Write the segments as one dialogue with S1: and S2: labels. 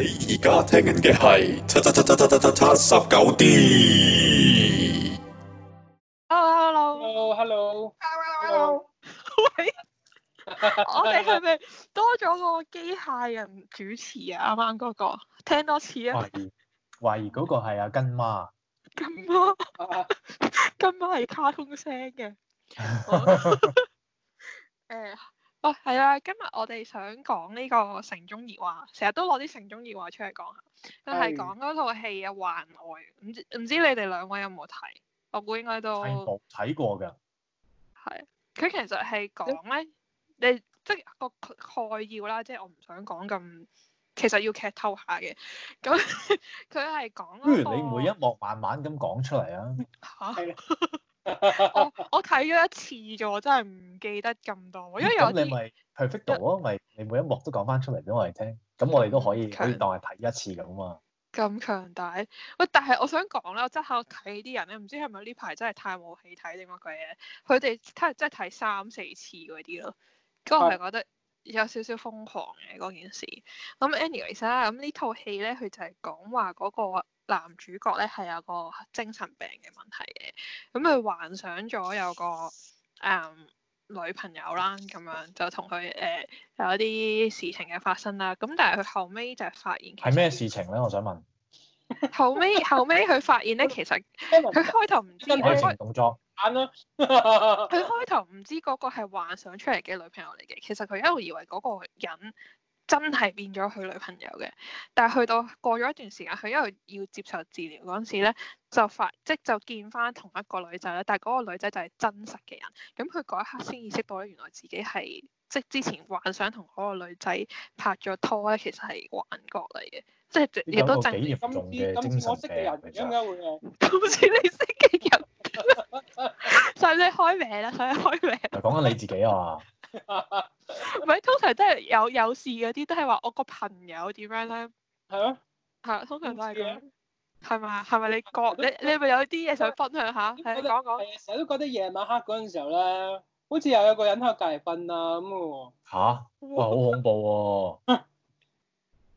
S1: 你而家聽緊嘅係《七七七七七七七七》三九 D。Hello
S2: Hello Hello Hello Hello Hello。喂，我哋係咪多咗個機械人主持啊？啱啱嗰個聽多次啊。懷疑
S1: 懷疑嗰個係阿根媽。
S2: 根媽根媽係卡通聲嘅。誒。哦，係啊，今日我哋想講呢個城中熱話，成日都攞啲城中熱話出嚟講下，都係講嗰套戲啊《幻愛》，唔知唔知你哋兩位有冇睇？我估應該都睇過睇過嘅，係佢其實係講咧，的你即係個概要啦，即係我唔想講咁，其實要劇透下嘅，咁佢係講，不如你
S1: 每一幕慢慢咁講出嚟啊，好。
S2: 下面我我睇咗一次啫，我真係唔記得咁多，因為有。你
S1: 咪去復讀咯，咪你每一幕都講翻出嚟俾我哋聽，咁我哋都可以強可以當係睇一次咁啊嘛。
S2: 咁強大喂！但係我想講咧，我即刻睇啲人咧，唔知係咪呢排真係太冇戲睇定乜鬼嘢？佢哋睇真係睇三四次嗰啲咯，咁我係覺得有少少瘋狂嘅嗰件事。咁 anyways 啦，咁 imagen ia、anyway, 呢套戲咧，佢就係講話嗰個。男主角咧係有個精神病嘅問題嘅，咁佢幻想咗有個誒、嗯、女朋友啦，咁樣就同佢誒有一啲事情嘅發生啦。咁但係佢後尾就發現
S1: 係咩事情咧？我想問。
S2: 後尾，後尾佢發現咧，其實佢開頭唔知愛情動作。佢開頭唔知嗰個係幻想出嚟嘅女朋友嚟嘅，其實佢一路以為嗰個人。真係變咗佢女朋友嘅，但係去到過咗一段時間，佢因為要接受治療嗰陣時咧，就發即就見翻同一個女仔啦。但係嗰個女仔就係真實嘅人，咁佢嗰一刻先意識到咧，原來自己係即係之前幻想同嗰個女仔拍咗拖咧，其實係幻覺嚟嘅，即係亦都證明。咁似我識嘅人，點解會有嘅？好似你識嘅人，使唔使開名啦？使唔使
S1: 開名？講緊你自己啊！
S2: 唔係，通常都係有有事嗰啲，都係話我個朋友點樣咧？係咯，係通常都係咁，係咪？係咪你講？你你係咪有啲嘢想分享下？講講。
S3: 係啊，成日都覺得夜晚黑嗰陣時候咧，好似又有個人喺度隔離瞓啊咁嘅喎。
S1: 嚇！哇，好恐怖喎！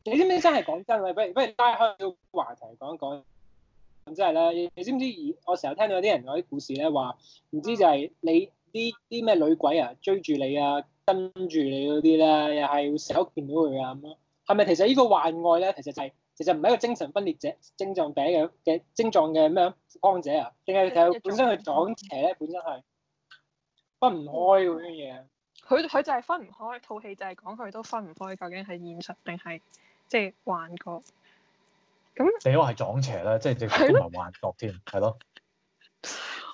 S3: 你知唔知真係講真，不如不如拉開個話題講講。咁即係咧，你知唔知我成日聽到啲人有啲故事咧，話唔知就係你。啲啲咩女鬼啊，追住你啊，跟住你嗰啲咧，又係會成日都見到佢啊咁咯。係咪其實呢個幻愛咧，其實就係其實唔係一個精神分裂者症狀病嘅嘅症狀嘅咁樣患者啊，定係其實本身佢撞邪咧，本身係分唔開嗰啲嘢。
S2: 佢佢就係分唔開，套戲就係講佢都分唔開，究竟係現實定係即係幻覺。
S1: 咁你都係撞邪啦，即係直頭幻覺添，係咯？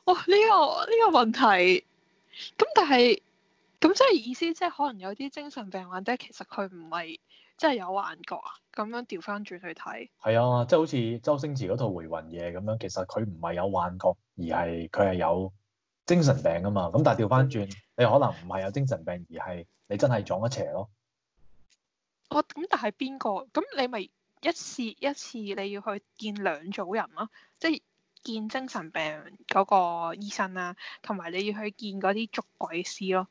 S2: 哦！呢個呢個問題～咁但係，咁即係意思，即係可能有啲精神病患者，其實佢唔係即係有幻覺啊，咁樣調翻轉去睇。
S1: 係啊，即係好似周星馳嗰套《回魂夜》咁樣，其實佢唔係有幻覺，而係佢係有精神病啊嘛。咁但係調翻轉，你可能唔係有精神病，而係你真係撞一邪咯。
S2: 哦，咁但係邊個？咁你咪一次一次你要去見兩組人咯，啊，即係。見精神病嗰個醫生啊，同埋你要去見嗰啲捉鬼師咯，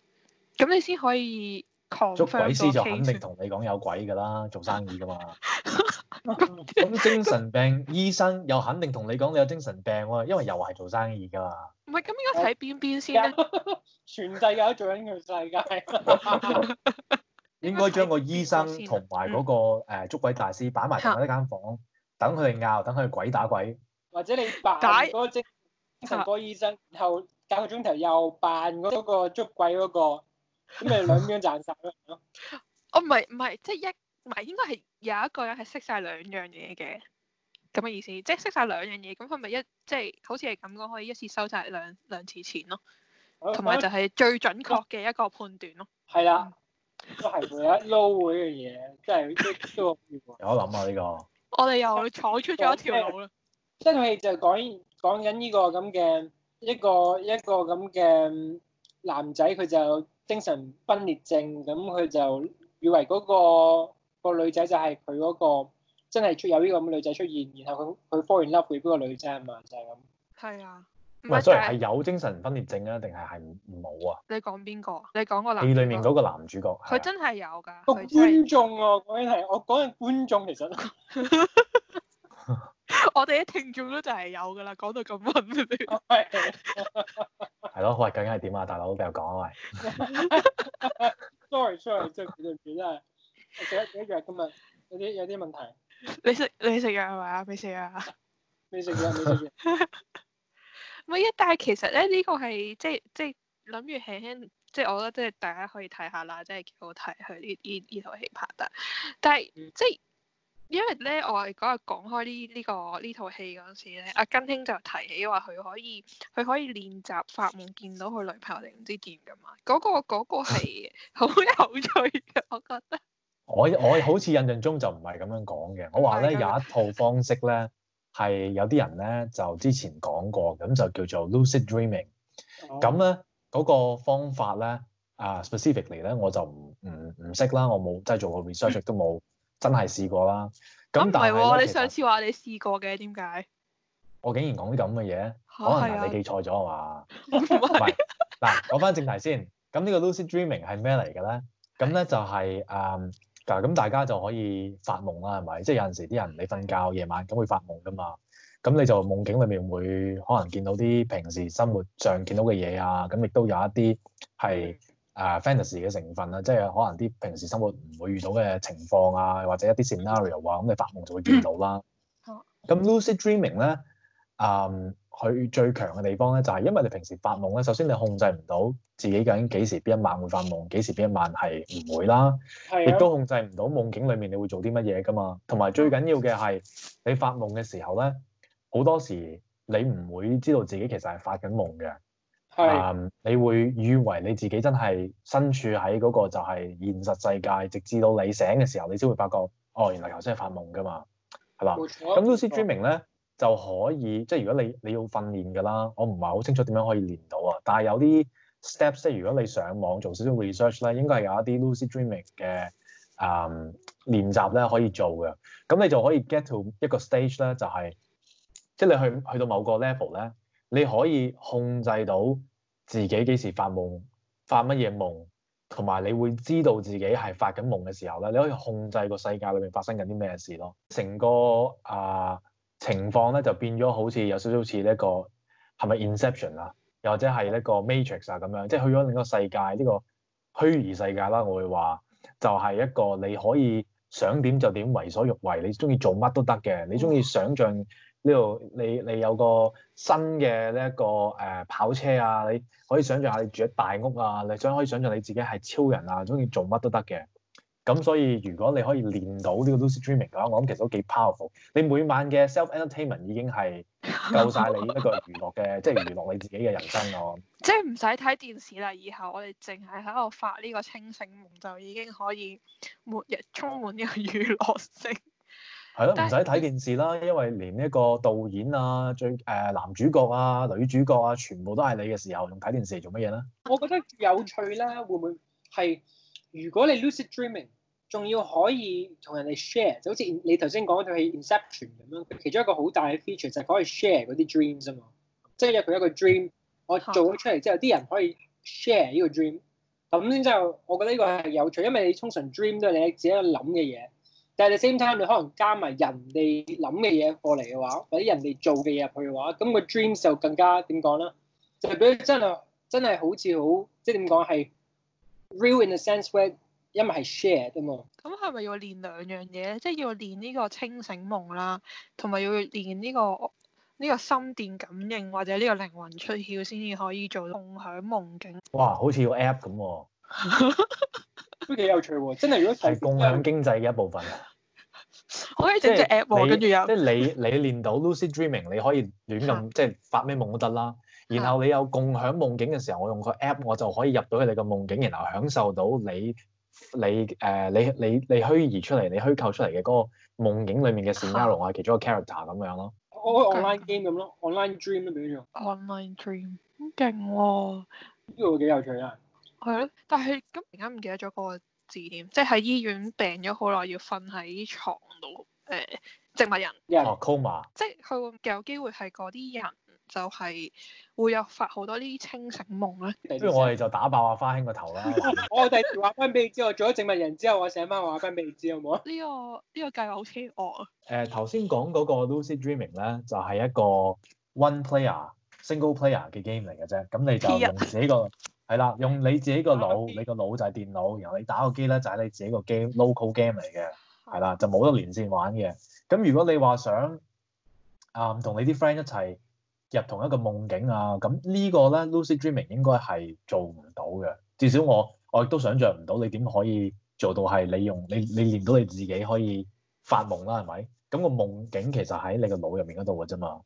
S2: 咁你先可以 c 捉鬼師就肯定同
S1: 你講有鬼㗎啦，做生意㗎嘛。咁 精神病醫生又肯定同你講你有精神病喎，因為又係做生意㗎嘛。
S3: 唔係，咁應該睇邊邊先咧？ 全世界都做緊佢世界。
S1: 應該將個醫生同埋嗰個捉鬼大師擺埋同一房間房，等佢哋拗，等佢哋鬼打鬼。
S3: 或者你扮嗰個精神科醫生，解然後隔個鐘頭又扮嗰個捉鬼嗰、那個，咁你兩樣賺曬咯。 我唔係
S2: 唔係，即係、就是、一唔係應該係有一個人係識晒兩樣嘢嘅咁嘅意思，即、就、係、是、識晒兩樣嘢，咁佢咪一即係、就是、好似係咁講，可以一次收晒兩兩次錢咯？同埋就係最準確嘅一個判斷咯。係啦， 都
S1: 係同一撈嗰樣嘢，即係都有得
S2: 諗啊！呢個我哋又闖出咗一條路啦～
S3: 即係套戲就講講緊呢個咁嘅一個一個咁嘅男仔，佢就精神分裂症，咁佢就以為嗰個個女仔就係佢嗰個真係出有呢個咁女仔出現，然後佢佢 fall in love with 嗰個女仔啊嘛就係咁。
S2: 係啊，唔係 sorry 係有
S1: 精神分裂症啊，定係係冇啊？
S2: 你講邊個？你講個男戲裏面嗰個
S1: 男主角，
S2: 佢真係有噶。個觀眾啊，講緊係我講緊觀眾，其實。我哋啲聽眾都就係有㗎啦，講到咁混
S1: 亂。係。係咯，喂，究竟係點啊？大佬畀我講喂。Sorry
S2: sorry，即係佢唔
S3: 片真係食食藥今日有啲有啲問題。
S2: 你食你食藥係咪啊？未食啊？未食藥，未食。唔係啊，但係其實咧呢、這個係即係即係諗住輕輕，即係我覺得即係大家可以睇下啦，即係幾好睇，佢呢呢呢套戲拍得，但係即係。嗯因為咧，我係嗰日講開呢呢、這個呢套戲嗰陣時咧，阿根兄就提起話佢可以佢可以練習發夢見到佢女朋友定唔知點噶嘛？嗰、那個嗰、那個係 好有趣嘅，我覺
S1: 得。我我好似印象中就唔係咁樣講嘅，我話咧有一套方式咧係有啲人咧就之前講過，咁就叫做 Lucid Dreaming、oh.。咁咧嗰個方法咧啊，specifically 咧我就唔唔唔識啦，我冇即係做過 research、er、都冇。 真係試過啦，咁但係、啊啊、實你上
S2: 次話你試過嘅，點解
S1: 我竟然講啲咁嘅嘢？啊、可能你記錯咗係嘛？唔係嗱、啊，講翻、啊、 正題先，咁呢個 Lucid Dreaming 係咩嚟嘅咧？咁咧就係誒嗱，咁、嗯、大家就可以發夢啦，係咪？即、就、係、是、有陣時啲人你瞓覺夜晚咁會發夢㗎嘛，咁你就夢境裏面會可能見到啲平時生活上見到嘅嘢啊，咁亦都有一啲係。啊、uh，fantasy 嘅成分啦，即係可能啲平時生活唔會遇到嘅情況啊，或者一啲 scenario 啊，咁你發夢就會見到啦。咁、嗯、Lucid Dreaming 咧，嗯，佢最強嘅地方咧，就係因為你平時發夢咧，首先你控制唔到自己究竟幾時邊一晚會發夢，幾時邊一晚係唔會啦。亦、啊、都控制唔到夢境裡面你會做啲乜嘢噶嘛。同埋最緊要嘅係，你發夢嘅時候咧，好多時你唔會知道自己其實係發緊夢嘅。係，um, 是你會以為你自己真係身處喺嗰個就係現實世界，直至到你醒嘅時候，你先會發覺，哦，原來頭先係發夢㗎嘛，係嘛？冇錯。咁 l u c y d r e a m i n gLucid Dreaming 咧就可以，即係如果你你要訓練㗎啦，我唔係好清楚點樣可以練到啊。但係有啲 steps，即如果你上網做少少 research 咧，應該係有一啲 l u c y d r e a m i n gLucid Dreaming 嘅啊、嗯、練習咧可以做嘅。咁你就可以 get to 一個 stage 咧，就係、是、即係你去去到某個 level 咧。你可以控制到自己幾時發夢、發乜嘢夢，同埋你會知道自己係發緊夢嘅時候咧，你可以控制個世界裏面發生緊啲咩事咯。成個啊、呃、情況咧就變咗好似有少少似呢個係咪《Inception》啊，又或者係呢個《Matrix》啊咁樣，即係去咗另一個世界，呢、這個虛擬世界啦，我會話就係、是、一個你可以想點就點為所欲為，你中意做乜都得嘅，你中意想象。呢度你你有個新嘅呢一個誒跑車啊！你可以想象下你住喺大屋啊，你想可以想象你自己係超人啊，鍾意做乜都得嘅。咁所以如果你可以練到呢個 Lucid Dreaming 嘅話，我諗其實都幾 powerful。你每晚嘅 self entertainment 已經係夠晒你一個娛樂嘅，即係 娛樂你自己嘅人生咯、啊。
S2: 即係唔使睇電視啦，以後我哋淨係喺度發呢個清醒夢就已經可以每日充滿呢個娛樂性。係咯，唔使睇電
S1: 視啦，因為連一個導演啊、最誒男主角啊、女主角啊，全部都係你嘅時候，用睇電視嚟做乜嘢咧？
S3: 我覺得有趣啦，會唔會係如果你 Lucid Dreaming，仲要可以同人哋 share，就好似你頭先講嗰套、那、戲、個、Inception 咁樣，其中一個好大嘅 feature 就係可以 share 嗰啲 dreams 啊嘛，即係因佢一個 dream，我做咗出嚟之後，啲、啊、人可以 share 呢個 dream，咁之後我覺得呢個係有趣，因為你通常 dream 都係你自己喺度諗嘅嘢。但係 same time，你可能加埋人哋諗嘅嘢過嚟嘅話，或者人哋做嘅嘢入去嘅話，咁個 dream 就更加點講咧？就俾真係真係好似好，即係點講係 real in the sense where 因為係 share 啊嘛。
S2: 咁係咪要練兩樣嘢？即係要練呢個清醒夢啦，同埋要練呢個呢個心電感應或者呢個靈魂出竅先至可以做共享夢境。
S1: 哇！好似個 app 咁喎、啊。 都幾有趣喎！真係如果係共享經濟嘅一部分，我
S2: 可以整隻 app 喎，跟住有即
S1: 係你 你，你，你練到 Lucid Dreaming，你可以亂咁 即係發咩夢都得啦。然後你有共享夢境嘅時候，我用個 app，我就可以入到你嘅夢境，然後享受到你你誒、uh, 你你你，你虛擬出嚟、你虛構出嚟嘅嗰個夢境裡面嘅 scenario，啊，其中
S3: 一個 character 咁樣咯。
S2: 我 online game 咁咯
S3: ，online dream
S2: 都幾好用。Online dream 好勁喎！
S3: 呢個幾有趣啊！
S2: 係咯，但係咁而家唔記得咗嗰個字典，即係喺醫院病咗好耐，要瞓喺床度，誒、呃、植物人。一係 coma 即係佢有機會係嗰啲人，就係會有發好多啲清醒夢咧。不如我哋
S1: 就打爆阿、啊、花兄個頭啦！
S3: 我第時話翻俾你知，我做咗植物人之後，我寫翻話翻俾你知好唔好？
S2: 呢個呢個計劃好邪惡
S1: 啊！誒，頭先講嗰個 Lucid Dreaming 咧，就係、是、一個 One Player、Single Player 嘅 game 嚟嘅啫，咁你就用自己個。 係啦，用你自己個腦，個你個腦就係電腦，然後你打個機咧就係你自己個 game，local game 嚟嘅，係啦、嗯，就冇得連線玩嘅。咁如果你話想，啊、嗯，同你啲 friend 一齊入同一個夢境啊，咁呢個咧 Lucid Dreaming 應該係做唔到嘅，至少我我亦都想像唔到你點可以做到係你用你你練到你自己可以發夢啦，係咪？咁、那個夢境其實喺你個腦入面嗰度嘅啫嘛，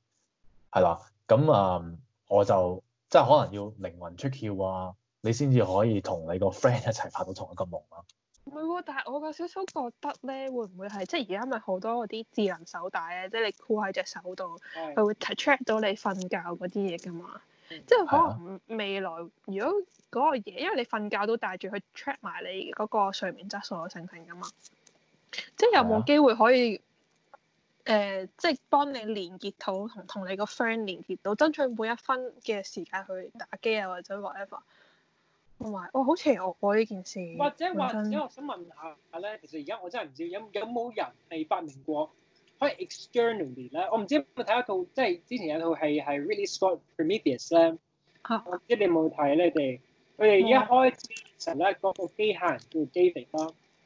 S1: 係啦，咁啊、嗯、我就。即係可能要靈魂出竅啊，你先至可以同你個 friend 一齊發到同一個夢啊。唔
S2: 會喎，但係我個少少覺得咧，會唔會係即係而家咪好多嗰啲智能手帶咧，即係你箍喺隻手度，佢會 track 到你瞓覺嗰啲嘢噶嘛。即係可能未來如果嗰個嘢，因為你瞓覺都帶住去 track 埋你嗰個睡眠質素嘅性情噶嘛。即係有冇機會可以？誒、呃，即係幫你連結到同同你個 friend 連結到，爭取每一分嘅時間去打機啊，或者 whatever。同埋，我好邪惡過、啊、呢件事。或者或者，本
S3: 身或者或者我想問下咧，其實而家我真係唔知有有冇人係發明過可以 externally 咧？我唔知有冇睇一套，即係之前有套戲係 Ridley Scott Prometheus 咧。啊。即唔你有冇睇你哋佢哋一開之前咧，嗰個、嗯、機械人叫 David 啊。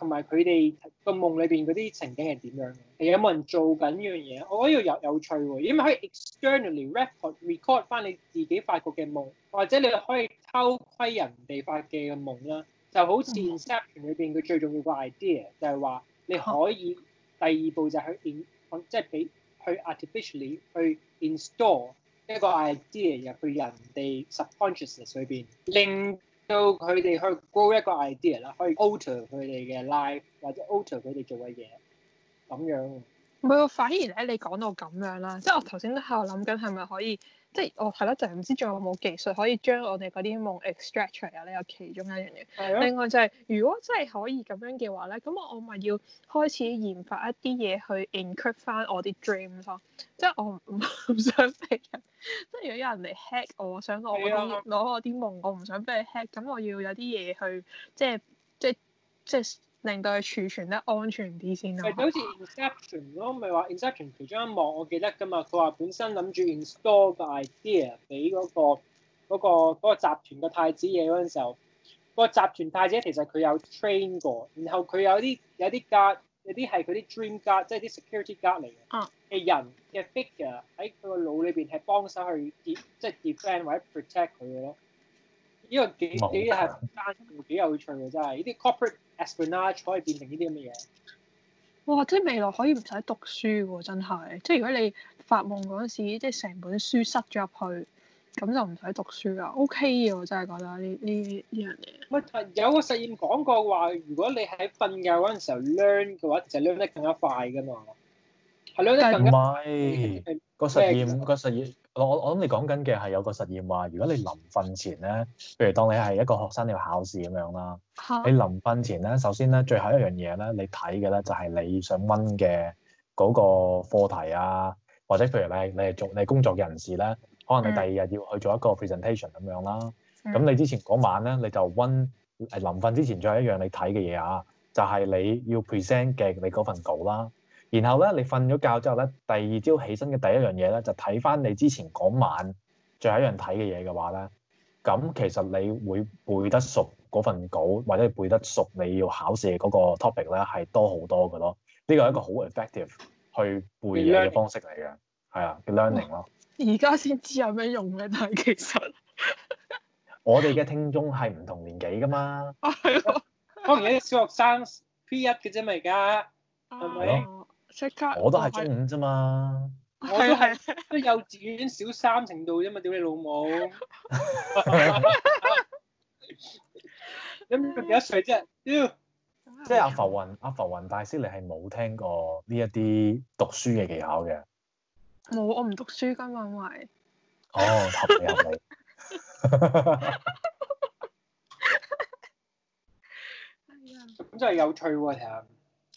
S3: 同埋佢哋個夢裏邊嗰啲情景係點樣嘅？係有冇人做緊呢樣嘢？我覺得呢個又有趣喎，因為可以 externally record record 翻你自己發覺嘅夢，或者你可以偷窺人哋發覺嘅夢啦，就好似 Inception 裏邊佢最重要個 idea 就係話你可以第二步就係去 in 即係俾去 artificially 去 install 一個 idea 入去人哋 subconsciousness 裏邊，令到佢哋去 grow 一個 idea 啦，可以 alter 佢哋嘅 life 或者 alter 佢哋做嘅嘢咁樣。
S2: 唔係喎，反而咧，你講到咁樣啦，即係我頭先都喺度諗緊，係咪可以？即係，哦係咯，就係唔知仲有冇技術可以將我哋嗰啲夢 extract 出嚟呢，有其中一樣嘢。啊、另外就係、是，如果真係可以咁樣嘅話咧，咁我我咪要開始研發一啲嘢去 encrypt 翻我啲 dreams 咯。即係我唔唔想俾人，即係如果有人嚟 hack 我，我想攞我啲、啊、我啲夢，我唔想俾佢 hack。咁我要有啲嘢去，即係即係即係。令到佢儲存得安全啲先咯。係就好似
S3: Inception 咯，咪話 Inception 其中一幕我記得㗎嘛。佢話本身諗住 install the idea、嗰個 idea 俾嗰個嗰、嗰個嗰個、集團嘅太子爺嗰陣時候，嗰個集團太子其實佢有 train 過，然後佢有啲有啲 guard 有啲係佢啲 dream guard 即係啲 security guard 嚟嘅。嘅、啊、人嘅 figure 喺佢個腦裏邊係幫手去 de 即係 defend 或者 protect 佢嘅咯。呢、呢個幾、嗯、幾係幾， 幾有趣嘅，真係，呢啲 corporate。Esplanade 可以變
S2: 成呢啲咁嘅嘢？哇！即係未來可以唔使讀書喎，真係！即係如果你發夢嗰陣時，即係成本書塞咗入去，咁就唔使讀書喇！OK 嘅，我真係覺得呢呢呢樣嘢。唔
S3: 係有個實驗講過話，如果你喺瞓覺嗰陣時候 learn 嘅話，就 learn 得更加快噶嘛。係 learn 得更
S1: 快，更加。唔係。個實驗，個實驗。我我我諗你講緊嘅係有個實驗話，如果你臨瞓前咧，譬如當你係一個學生，你要考試咁樣啦，
S2: 哈你臨
S1: 瞓前咧，首先咧，最後一樣嘢咧，你睇嘅咧就係你想溫嘅嗰個課題啊，或者譬如你你係做你工作人士咧，可能你第二日要去做一個 presentation 咁樣啦，咁、嗯、你之前嗰晚咧你就溫臨瞓之前最後一樣你睇嘅嘢啊，就係、是、你要 present 嘅你嗰份稿啦、啊。然後咧，你瞓咗覺之後咧，第二朝起身嘅第一樣嘢咧，就睇翻你之前嗰晚最後一樣睇嘅嘢嘅話咧，咁其實你會背得熟嗰份稿，或者係背得熟你要考試嘅嗰個 topic 咧，係多好多㗎咯。呢個係一個好 effective 去背嘢嘅方式嚟嘅，係啊，叫 learning 咯。
S2: 而家先知有咩用咧？但係其實
S1: 我哋嘅聽眾係唔同年紀噶嘛。
S3: 啊，係咯。當然啲小學生 P 一嘅啫咪而家係咪？啊。我都係中五啫嘛，係係都幼稚園小三程度啫嘛，屌你老母！咁佢幾多歲啫？
S1: 屌！即係阿浮雲，阿浮雲大師，你係冇聽過呢一啲讀書嘅技巧嘅？
S2: 冇，我唔讀書㗎，敏慧。哦，oh,
S1: 合理合理。咁
S3: 真係有趣喎，睇下。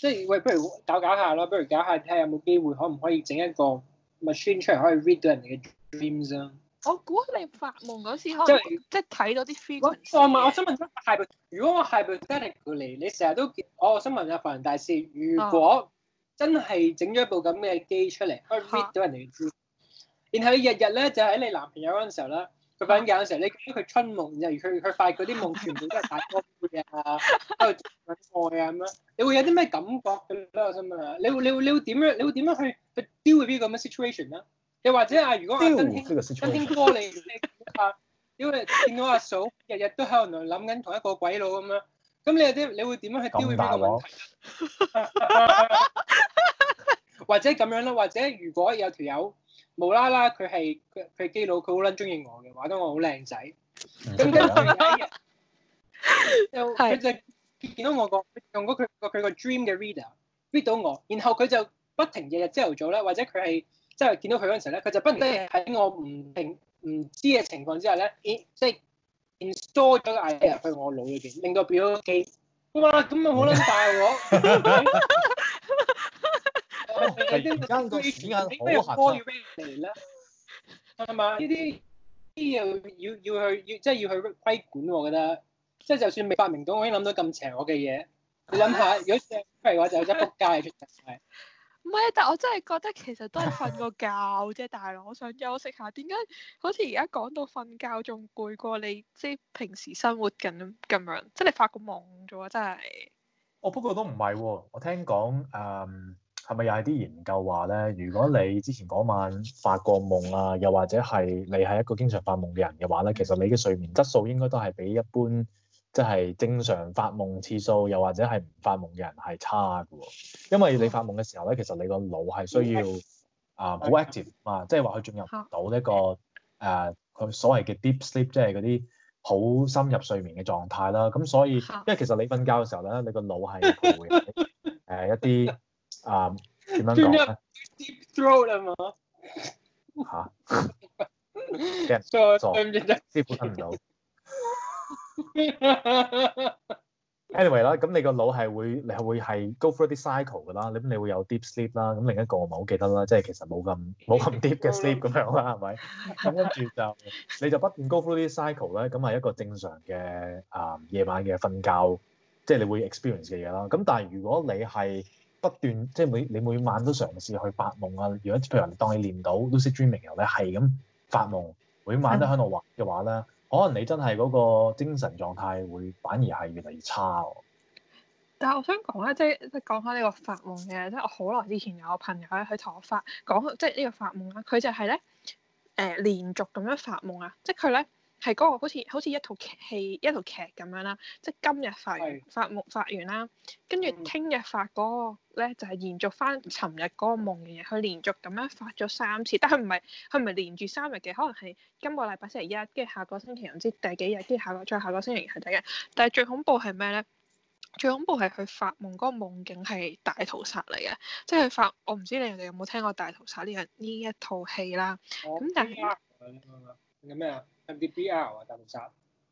S3: 即係喂，不如搞搞下咯，不如搞下睇下有冇機會，可唔可以整一個 machine 出嚟可以 read 到人哋嘅 dreams 啊？我估你發夢嗰時候、就是、即係即係睇到啲。如果我唔、哦、我想問下、啊，如果我係部 technology 嚟？你成日都我想問阿凡人大師，如果真係整咗一部咁嘅機出嚟，可以 read 到人哋嘅 dreams、啊、然後你日日咧就喺你男朋友嗰陣時候咧？佢瞓緊嘅時候，你講咗佢春夢，然後佢佢發嗰啲夢全部都係大波啊，喺度揾愛啊咁樣，你會有啲咩感覺咁樣心啊？你會你會你會點樣？你會點樣去去丟呢個咁嘅 situation 咧？又或者啊，如果阿、啊、天， 天哥你你啊，丟你見到阿嫂日日都喺度諗緊同一個鬼佬咁樣，咁你有啲你會點樣去丟嗰呢個問題？或者咁樣啦，或者如果有條友。無啦啦佢係佢佢基佬，佢好撚中意我嘅話，畫得我好靚仔。咁跟住就佢就， 就見到我、嗰個用咗佢個佢個 dream 嘅 reader read 到我，然後佢就不停日日朝頭早咧，或者佢係即係見到佢嗰陣時咧，佢就不停喺我唔停唔知嘅情況之下咧，install 咗個 idea 喺我腦裏邊，令到表記哇咁啊好撚大鑊。 係、哦，咪？呢啲啲嘢要要，要去，要，要即係要去規管。我覺得即係就算未發明到，我已經諗到咁邪惡嘅嘢。你諗下，如果出嚟嘅話，就真係撲街出曬。
S2: 唔係， 但係我真係覺得其實都係瞓個覺啫。大佬，我想休息下。點解好似而家講到瞓覺仲攰過你？即係平時生活緊咁樣，即係你發個夢咗。喎！
S1: 真係。我不過都唔係喎，我聽講誒。Um, 係咪又係啲研究話咧？如果你之前嗰晚發過夢啊，又或者係你係一個經常發夢嘅人嘅話咧，其實你嘅睡眠質素應該都係比一般即係、就是、正常發夢次數，又或者係唔發夢嘅人係差嘅。因為你發夢嘅時候咧，其實你個腦係需要啊好 active 啊，即係話佢進入唔到呢、這個誒佢、uh, 所謂嘅 deep sleep，即係嗰啲好深入睡眠嘅狀態啦。咁所以的因為其實你瞓覺嘅時候咧，你個腦係誒一啲。Uh, 一點樣講咧
S3: ？Deep throat 啊嘛嚇！做唔做？根
S1: 本聽唔到。Anyway 啦，咁你個腦係會，你係會係 go through 啲 cycle 噶啦。咁你會有 deep sleep 啦。咁另一個我唔係好記得啦，即係其實冇咁冇咁 deep 嘅 sleep 咁樣啦，係咪？咁跟住就你就不斷 go through 啲 cycle 咧。咁係一個正常嘅啊夜晚嘅瞓覺，即係你會 experience 嘅嘢啦。咁但係如果你係不斷即係每你每晚都嘗試去發夢啊！如果譬如話當你念到 Lucid Dreaming 後咧，係咁發夢每晚都喺度畫嘅話咧，嗯、可能你真係嗰個精神狀態會反而係越嚟越差喎。
S2: 但係我想講咧，即係即係講下呢個發夢嘅，即係我好耐之前有個朋友咧，佢同我發講即係呢個發夢啦，佢就係咧誒連續咁樣發夢啊，即係佢咧。係嗰個好似好似一套戲,劇，一套劇咁樣啦，即係今日發完發夢的發完啦，跟住聽日發嗰個咧就係延續翻尋日嗰個夢嘅嘢，佢連續咁樣發咗三次，但係唔係佢唔係連住三日嘅，可能係今個禮拜星期一，跟住下個星期唔知第幾日，跟住下個再下個星期係第一日，但係最恐怖係咩咧？最恐怖係佢發夢嗰個夢境係大屠殺嚟嘅，即係佢發我唔知你哋有冇聽過大屠殺呢樣呢一套戲啦，咁但係。
S3: 叫咩啊？M D
S2: B R 啊，大爆炸。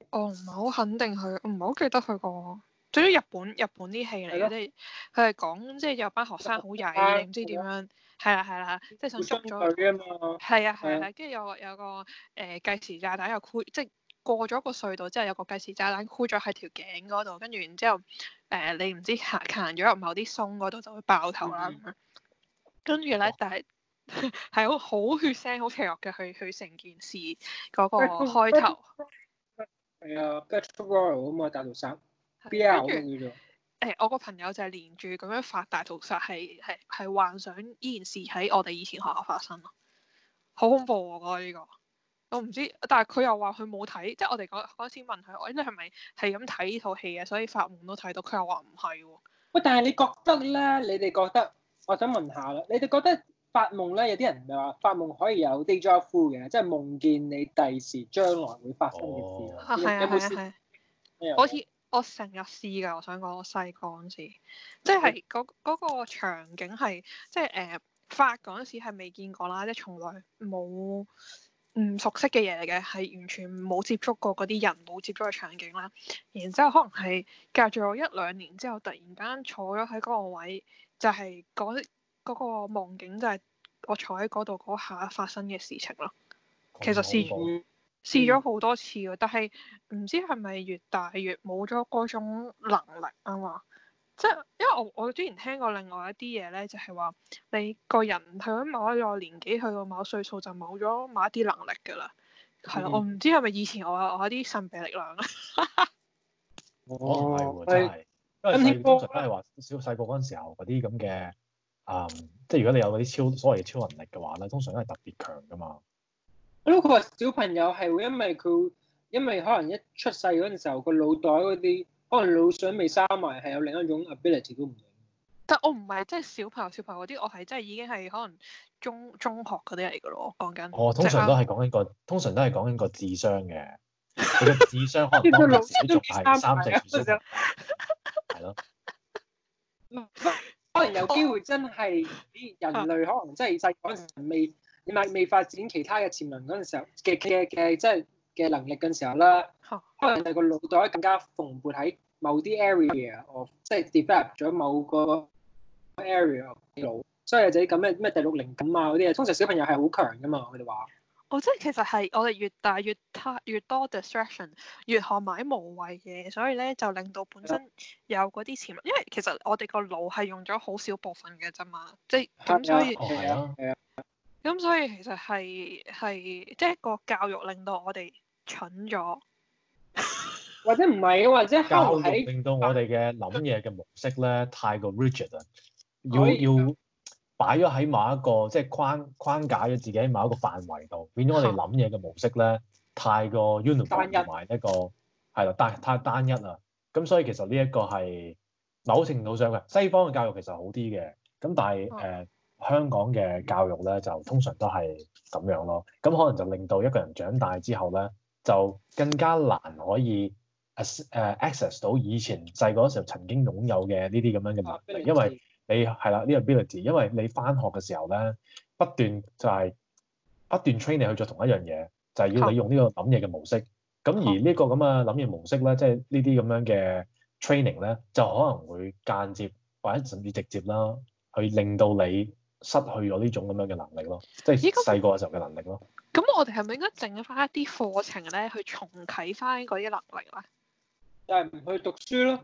S2: 我唔係好肯定佢，唔係好記得佢個。總之日本日本啲戲嚟，佢哋佢係講即係有班學生好曳，你唔知點樣。係啦係啦，即係想捉咗。係啊嘛。係啊係啊，跟住有有個誒計時炸彈又箍，即係過咗個隧道之後有個計時炸彈箍咗喺條頸嗰度，跟住然之後誒、呃、你唔知行行咗入某啲松嗰度就會爆頭啦。跟住咧，但係。係好好血腥、好邪惡嘅，佢去成件事嗰、嗰個開頭。
S3: 係啊，battle royal 啊大屠殺。B
S2: R 誒我個朋友就係連住咁樣發大屠殺，係係係幻想依件事喺我哋以前學校發生咯，好恐怖啊！呢個、我是是覺得呢個，我唔知，但係佢又話佢冇睇，即係我哋嗰嗰次問佢，我應該係咪係咁睇呢套戲啊？所以發夢都睇到，佢又話唔係喎。
S3: 喂，但係你覺得咧？你哋覺得？我想問下啦，你哋覺得？發夢咧，有啲人就係話發夢可以有 déjà vu 嘅，即係夢見你第時將，將來會發生嘅事。Oh. 有冇試？
S2: 好似、啊啊啊啊、我成日試㗎，我想講我細個嗰陣時，即係嗰嗰個場景係即係誒、呃、發嗰陣時係未見過啦，即係從來冇唔熟悉嘅嘢嘅，係完全冇接觸過嗰啲人冇接觸嘅場景啦。然之後可能係隔咗一兩年之後，突然間坐咗喺嗰個位，就係、是、嗰、那個。嗰個夢境就係我坐喺嗰度嗰下發生嘅事情咯。其實試怖試咗好多次喎，嗯、但係唔知係咪越大越冇咗嗰種能力啊嘛？即係、就係、因為我我之前聽過另外一啲嘢咧，就係話你個人係喺某一個年紀去到某個歲數就冇咗某一啲能力㗎啦。係啦，
S3: 嗯、我唔
S2: 知係咪以前我有啲神秘力量啦。
S3: 唔
S2: 係喎，係
S1: 因為細通常都係話小細個嗰陣時候嗰啲咁嘅。嗯，um, 即係如果你有嗰啲超所謂嘅超能力嘅話咧，通常都係特別強噶嘛。
S3: 我都佢話小朋友係會因為佢，因為可能一出世嗰陣時候個腦袋嗰啲，可能腦囟未生埋，係有另一種 ability 都唔同。
S2: 但我唔係即係小朋友，小朋友嗰啲，我係真係已經係可能中中學嗰啲人嚟噶咯，講緊。我、哦、通常都
S1: 係講緊個，通常都係講緊個智商嘅，佢嘅 智商可能講得持續係三隻智係咯。
S3: 可能有機會真係啲人類可能真係細個嗰陣時未，唔係未發展其他嘅潛能嗰陣時候嘅嘅嘅，即係嘅能力嗰陣時候啦。好可能係個腦袋更加蓬勃喺某啲 area，即係 develop 咗某個 area 腦，所以有啲咁嘅咩第六靈感啊嗰啲嘢，通常小朋友係好強噶嘛，佢哋話。
S2: 哦，即係其實係我哋越大越太越多 distraction，越學埋啲無謂嘢，所以咧就令到本身有嗰啲潛能。因為其實我哋個腦係用咗好少部分嘅啫嘛，即係咁所
S3: 以
S2: 係啊，係啊。咁所以其實係係即係個教育令到我哋蠢咗，或者唔係，或者教育令
S1: 到我哋嘅諗嘢嘅模式咧太過 rigid 啦，要要。擺咗喺某一個即係框框架咗自己喺某一個範圍度，變咗我哋諗嘢嘅模式咧，太過 uniform 同埋一個係咯，但太單一啊！咁所以其實呢一個係某程度上嘅西方嘅教育其實好啲嘅，咁但係誒、呃、香港嘅教育咧就通常都係咁樣咯，咁可能就令到一個人長大之後咧，就更加難可以 as access 到以前細個時候曾經擁有嘅呢啲咁樣嘅能力，因為。你係啦，呢個 ability，因為你翻學嘅時候咧，不斷就係、是、不斷 training 去做同一樣嘢，就係、是、要你用呢個諗嘢嘅模式。咁、哦、而呢個咁嘅諗嘢模式咧，即、就、係、是、呢啲咁樣嘅 training 咧，就可能會間接或者甚至直接啦，去令到你失去咗呢種咁樣嘅能力咯，即係細個嘅時候嘅能力咯。
S2: 咁我哋係咪係應該整翻一啲課程咧，去重啟翻嗰啲能力咧？就係唔去讀書咯。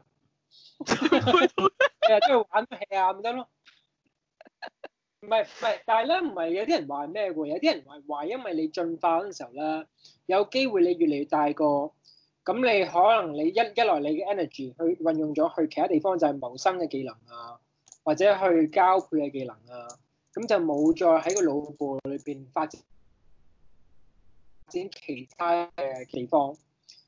S2: 係 啊，即係玩到 hea 啊咁得咯。唔係唔係，但
S3: 係咧唔係有啲人話咩嘅？有啲人話話，因為你進化嗰陣時候咧，有機會你越嚟越大個，咁你可能你一一來你嘅 energy 去運用咗去其他地方，就係謀生嘅技能啊，或者去交配嘅技能啊，咁就冇再喺個腦部裏邊發展展其他嘅地方。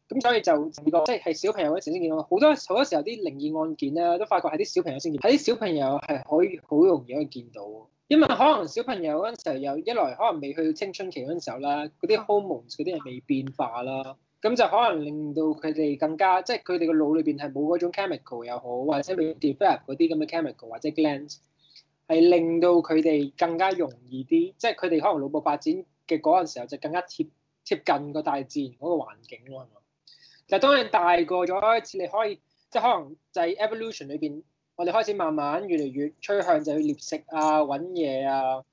S3: 咁所以就試過，即係小朋友嗰陣時先見到好多好多時候啲靈異案件咧，都發覺係啲小朋友先見，喺啲小朋友係可以好容易去見到。因為可能小朋友嗰陣時又一來可能未去到青春期嗰陣時候啦，嗰啲 hormones 嗰啲係未變化啦，咁就可能令到佢哋更加即係佢哋個腦裏邊係冇嗰種 chemical 又好，或者未 develop 嗰啲咁嘅 chemical 或者 glands，係令到佢哋更加容易啲，即係佢哋可能腦部發展嘅嗰陣時候就更加貼貼近個大自然嗰個環境咯，係咪？就當你大個咗，開始你可以即係可能就係 evolution 裏邊，我哋開始慢慢越嚟越趨向就去獵食啊、揾嘢啊、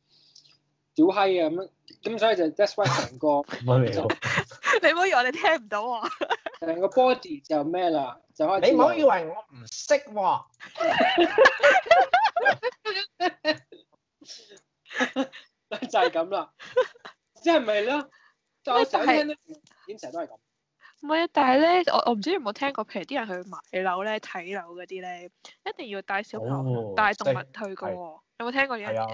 S3: 屌閪啊咁樣，咁所以就 that's why 成個，你
S2: 唔好以為我哋聽唔到喎。
S3: 成個 body 就咩啦，就開始。你唔好以為
S2: 我唔識喎。
S3: 就係咁啦，即係咪咧？就我想聽咧，點成日
S2: 都係咁。唔係啊，但係咧，我我唔知有冇聽過，譬如啲人去買樓咧、睇樓嗰啲咧，一定要帶小朋友、哦、帶動物去嘅喎。的有冇聽過？的是有，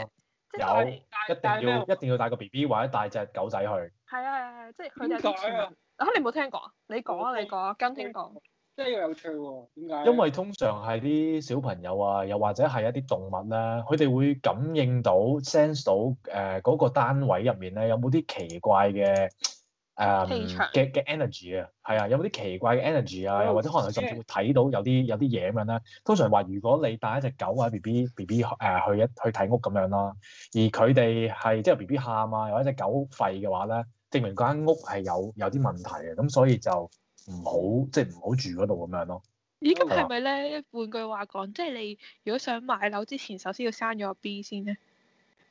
S2: 即係一定要
S1: 一定要帶個 B B 或者帶隻狗仔去。
S2: 係啊，即係佢哋講啊，你冇聽過啊？你講啊，你講啊，跟聽講。即係又有趣喎？點解？因
S1: 為通常係啲小朋友啊，又或者係一啲動物咧，佢哋會感應到、sense 到誒嗰個單位入面咧有冇啲奇怪嘅。誒嘅嘅 energy 啊，係啊，有冇啲奇怪嘅 energy 啊、嗯？又或者可能佢甚至會睇到有啲有啲嘢咁樣咧。通常話，如果你帶一隻狗啊 B B B B，呃、誒去一去睇屋咁樣啦，而佢哋係即係 B B 喊啊，有一隻狗吠嘅話咧，證明嗰間屋係有有啲問題嘅，咁所以就唔好即係唔好住嗰度咁樣咯。
S2: 咦？咁係咪咧？換句話講，即係你如果想買樓之前，首先要生咗 B 先咧？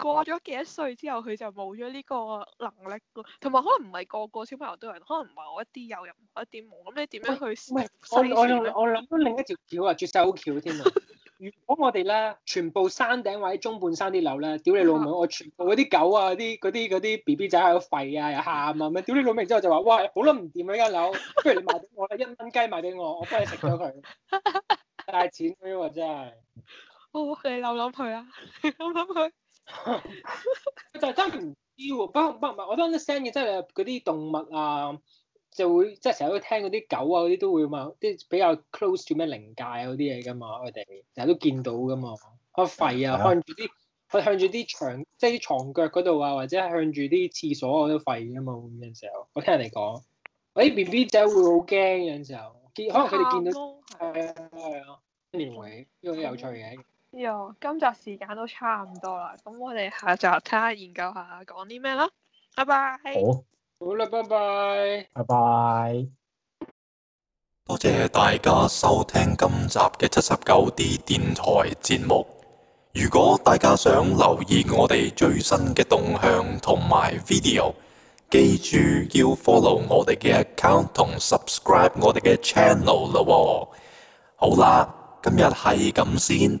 S2: 過咗幾多歲之後，佢就冇咗呢個能力。同埋可能唔係個個小朋友都有，可能唔係我一啲有，入，某一啲冇。咁你點樣去？我我
S3: 諗到另一條橋啊，絕世好橋添啊！ 如果我哋咧，全部山頂或者中半山啲樓咧，屌你老母！我全部嗰啲狗啊，啲嗰啲嗰啲 B B 仔喺度吠啊，又喊啊，咁屌你老味之後就話，哇，好撚，唔掂啊，呢間樓。不如你賣俾我一蚊雞賣俾我，我幫你食咗佢。大錢啊！真係。 好，你諗諗
S2: 佢啊，諗諗佢。
S3: 就真唔知喎，不過不過唔係，我覺得 send 嘅真係嗰啲動物啊，就會即係成日都聽嗰啲狗啊嗰啲都會嘛，啲比較 close to 咩靈界啊嗰啲嘢噶嘛，我哋成日都見到噶嘛，個吠啊向住啲，向向住啲牆，即係啲牀腳嗰度啊，或者係向住啲廁所嗰都吠噶、啊、嘛，咁樣時候，我聽人哋講，喂 B B 仔會好驚嘅，有時候見，可能佢哋見到，係啊係啊，呢啲會呢個都有趣嘅。
S2: 喲，今集時間都差唔多啦，咁我哋下集睇下研究下講啲咩啦，拜拜。好，好啦，拜拜，
S3: 拜拜。
S1: 多謝大家收聽今集嘅七十九 D 電台節目。如果大家想留意我哋最新嘅動向同埋 video，記住要 follow 我哋嘅 account 同 subscribe 我哋嘅 channel 咯。
S3: 好啦，今日係咁先。